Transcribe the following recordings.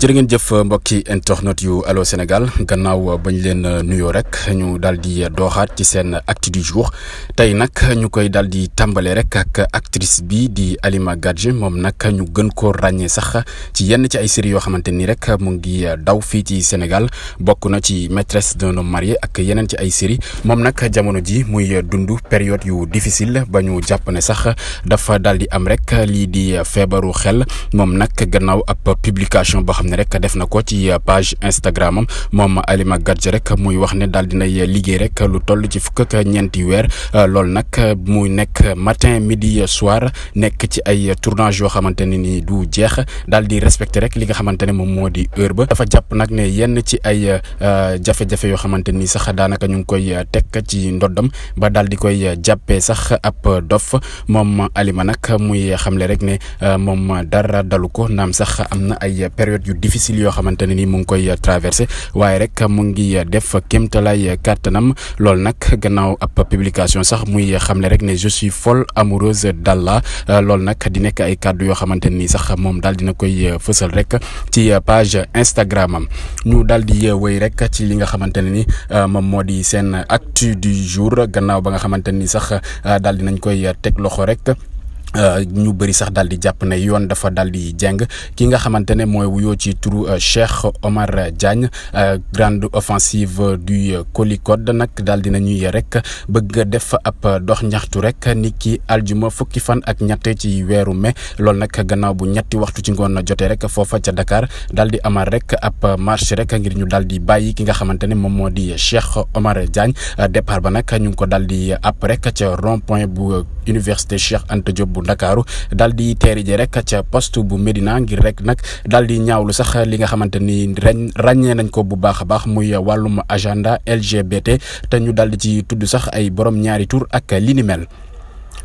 jërë ngeen jëf mbokki internet yu allo Sénégal gannaaw bañ leen nuyoo rek ñu daal di dooxaat ci seen acte du tey nag ñu koy daal di tàmbale rek ak actrice bi di Halima Gadji moom nag ñu gën koo ràññee sax ci yenn ci ay séries yoo xamante ni rek mu ngi daw fii ci Sénégal bokk na ci maîtresse d'un homme marié ak yeneen ci ay séries moom nag jamono ji muy dundu période yu difficile ba ñu jàpp ne sax dafa daal di am rek lii di feebaru xel moom nag gannaaw ab boo xam ne rek def na ko ci euh, page Instagram am moom Alima Gadji rek muy wax ne daal dinay liggéey rek lu toll ci fukk ak ñeenti weer euh, loolu nag muy nekk matin midi soir nekk ci ay tournage yoo xamante ne ni du jeex daal di respecté rek li nga xamante ne moom moo di heure ba dafa jàpp nag ne yenn ci ay euh, jafe-jafe yoo xamante ni sax daanaka ñu ngi koy teg ci ndoddam ba daal di koy jàppee sax ab dof moom Alima nag muy xamle rek ne moom dara dalu ko naam sax am na ay période yu difficile yoo xamante ne ni mu ngi koy traversé waaye rek mu ngi def kéemtalaay kàttanam loolu nag gannaaw ab publication sax muy xamle rek ne je fol folle amoureuse d'Allah loolu nag di nekk ay kàddu yoo xamante ne ni sax moom daal dina koy fësal rek ci page Instagram am ñu daal di wéy rek ci li nga xamante ne ni moom moo di seen actu du jour gannaaw ba nga xamante ni sax daal dinañ koy teg loxo rek. Euh, ñu bëri sax daal di jàpp ne yoon dafa dal di jeng ki nga xamante ne mooy wuyoo ci turu euh, Cheikh Omar Diagne euh, grande offensive du Colicode nag daal di na ñuy nañuy rek bëgg def ab dox ñaxtu rek ni ki aljuma fukki fan ak ñette ci weeru mai loolu nag gannaaw bu ñetti waxtu ci ngoon na jotee rek foofa ca Dakar dal di amal rek ab marché rek ngir ñu daal di bàyyi ki nga xamante ne moom moo di Cheikh Omar Diagne depart ba nag ñu ngi ko daal di app rek ca rond point bu université Cheikh Anta Diop. Ndakaaru daal di teeri ji rek ca poste bu Médina ngir rek nag daal di ñaawlu sax li nga xamante ni ràññee nañ ko bu baax a baax muy wàllum agenda LGBT te ñu daal di ci tudd sax ay borom ñaari tur ak linimel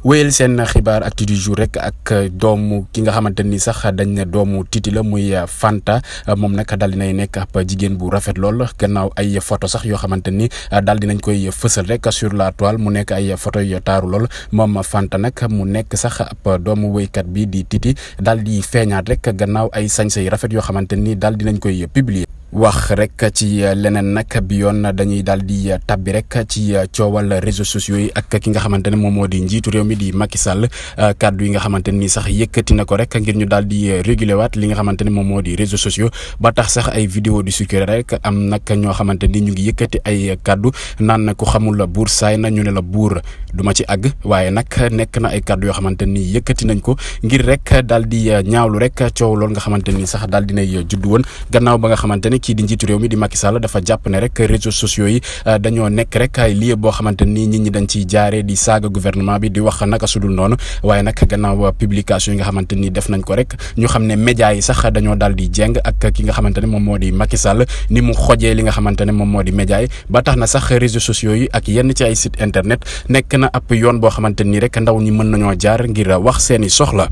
wéyal seen xibaar actu du jour rek ak doomu ki nga xamante ni sax dañ ne doomu titi la muy Fanta moom nag daal dinay nekk jigéen bu rafet lool gannaaw ay photo sax yoo xamante ni daal dinañ koy fësal rek sur la toile mu nekk ay photo yu taaru lool moom Fanta nag mu nekk sax ab doomu woykat bi di titi daal di feeñaat rek gannaaw ay sañse yu rafet yoo xamante ni daal dinañ koy publier wax rek ci euh, leneen nag bi yoon dañuy daal di euh, tabbi rek ci euh, coowal réseaux sociaux yi ak ki nga xamante ne moom moo di njiitu réew mi di Macky Sall kàddu yi nga xamante ni sax yëkkati na ko rek ngir ñu daal di réguler waat li nga xamante ne moom moo di réseaux sociaux ba tax sax ay vidéo di circuler rek am nag ñoo xamante ni ñu ngi yëkkati ay kàddu naan ku xamul buur saay na ñu ne la buur du ma ci àgg waaye nag nekk na ay kàddu yoo xamante ni yëkkati nañ ko ngir rek daal di ñaawlu rek coow loolu nga xamante ni sax daal di nay judd woon gannaaw ba nga xamante ni kii di njiitu réew mi di Macky dafa jàpp ne rek réseaux sociaux yi euh, dañoo nekk rek ay lieu boo xamante ni nit ñi dañ ciy jaare di saaga gouvernement bi di wax naka sudul noonu waaye nag gannaaw publication yi nga xamante nii def nañ ko rek ñu xam ne média yi sax dañoo daal di jeng ak ki nga xamante ne moom moo di Macky Sall ni mu xojee li nga xamante ne moom moo di média yi ba tax na sax réseaux sociaux yi ak yenn ci ay site internet nekk na ab yoon boo xamante ni rek ndaw ñi mën nañoo jaar ngir wax seeni soxla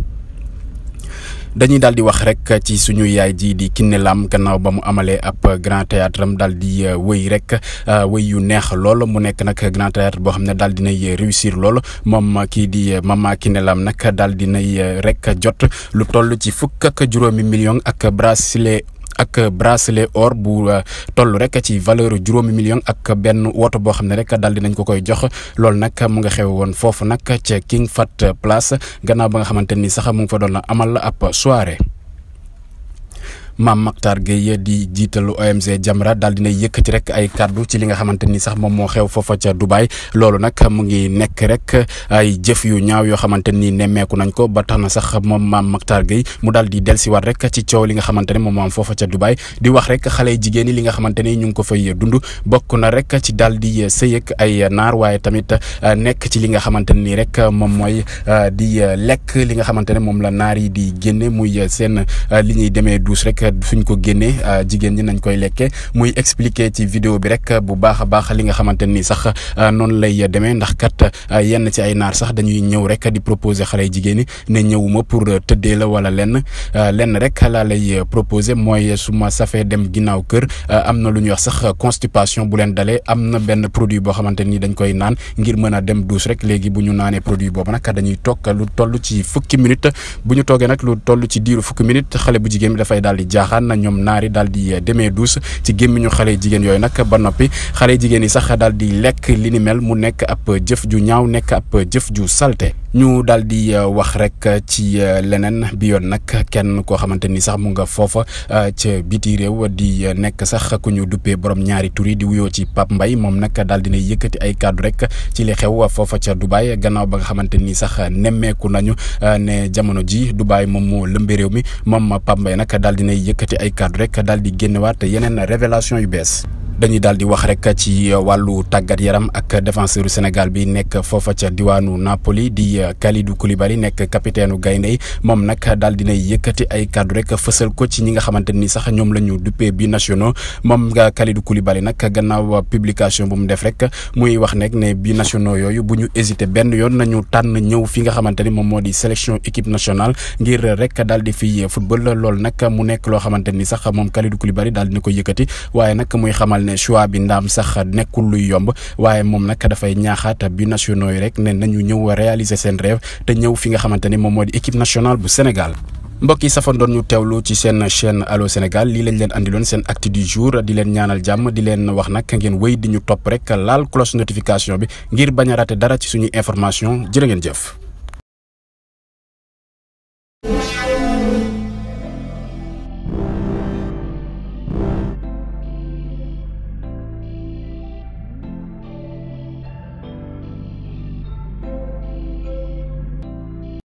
dañuy daal di wax rek ci suñu yaay ji di Kiné Lam gannaaw ba mu amalee ab grand théâtre am daal di euh, wëy rek euh, wëy yu neex lool mu nekk nag grand théâtre boo xam ne daal dinay euh, réussir lool moom kii di mama Kiné Lam nag daal dinay rek jot lu toll ci fukk ak juróomi million ak bracelet ak bracelet or bu euh, toll rek ci valeur juróomi million ak benn woto boo xam ne rek daal dinañ ko koy jox loolu nag mu nga xew woon foofu nag ca King Fat Place gannaaw ba nga xamante ni sax mu ngi fa doon amal ab soirée. Mame Mactar Gueye di jiitalu ONG Jamra daal dina yëkkati rek ay kàddu ci li nga xamante ni sax moom moo xew foofa ca Dubaay loolu nag mu ngi nekk rek ay jëf yu ñaaw yoo xamante ni nemmeeku nañ ko ba na sax moom Mame Mactar mu daal di dellusiwaat rek ci coow li nga xamante ne moom moo am foofa ca Dubaay di wax rek xale jigéen ñi li nga xamante ni ñu ngi ko fay dund bokk na rek ci daal di sa yëkk ay naar waaye tamit euh, nekk ci li nga xamante nii rek moom mooy euh, di euh, lekk li nga xamante ne moom la naar yi di génne muy seen li ñuy demee douce rek. enquête bi suñ ko génnee euh, jigéen ñi nañ koy lekke muy expliquer ci vidéo bi rek bu baax a baax li nga xamante nii sax euh, noonu lay demee ndax kat euh, yenn ci ay naar sax dañuy ñëw rek di proposer xale jigéen ñi ne ñëwuma pour tëddee la wala lenn lenn rek laa lay proposer mooy su ma safee dem ginnaaw kër am na lu ñuy wax sax constipation bu leen dalee am na benn produit boo xamante ni dañ koy naan ngir mën a dem douche rek léegi bu ñu naanee produit boobu nag dañuy toog lu toll ci fukki minute bu ñu toogee nag lu toll ci diiru fukki minute xale bu jigéen bi dafay daal jaaxaan na ñoom naari daal di eh, demee duus ci gémmiñu xale jigéen yooyu nag ba noppi xale jigéen yi sax daal di lekk li ni mel mu nekk ab jëf ju ñaaw nekk ab jëf ju salte ñu daal di eh, wax rek ci eh, leneen bi yoon nag kenn koo xamante ni sax mu nga foofa ca biti réew di nekk sax ku ñu duppee borom ñaari tur yi di wuyoo ci Pape mbay moom nag daal dina yëkkati ay kàddu rek ci li xew foofa ca Dubaay gannaaw ba nga xamante ni sax nemmeeku nañu ne jamono ji Dubaay moom moo lëmbe réew mi yëkkati ay kàddu rek daal di génnewaat yeneen révélation yu bees dañuy daal di wax rek ci euh, wàllu tàggat yaram ak défenseur Sénégal bi nekk foofa ca diwaanu Napoli di euh, Kalidou Koulibaly nekk capitaine gaynde moom nag daal dinay yëkkati ay kàddu rek fësal ko ci ñi nga xamante ni sax ñoom la ñu duppee bi nationaux moom nga Kalidou Koulibaly nag gannaaw publication bu mu def rek muy wax nekk ne bi nationaux yooyu bu ñu hésité benn yoon nañu tànn ñëw fi nga xamante ni moom moo di sélection équipe nationale ngir rek daal di fi football loolu nag mu nekk loo xamante ni sax moom Kalidou Koulibaly daal dina ko yëkkati ne bi ndaam sax nekkul luy yomb waaye moom nag dafay ñaaxaata bi nationaux yi rek ne nañu ñëw réaliser seen rêve te ñëw fi nga xamante ne moom moo di équipe nationale bu Sénégal. mbokki yi safoon doon ñu teewlu ci seen chaîne Allô Sénégal lii lañ leen andiloon seen acte jour di leen ñaanal jàmm di leen wax nag ngeen wéy di ñu topp rek laal cloche notification bi ngir bañ a dara ci suñu information jërë ngeen jëf.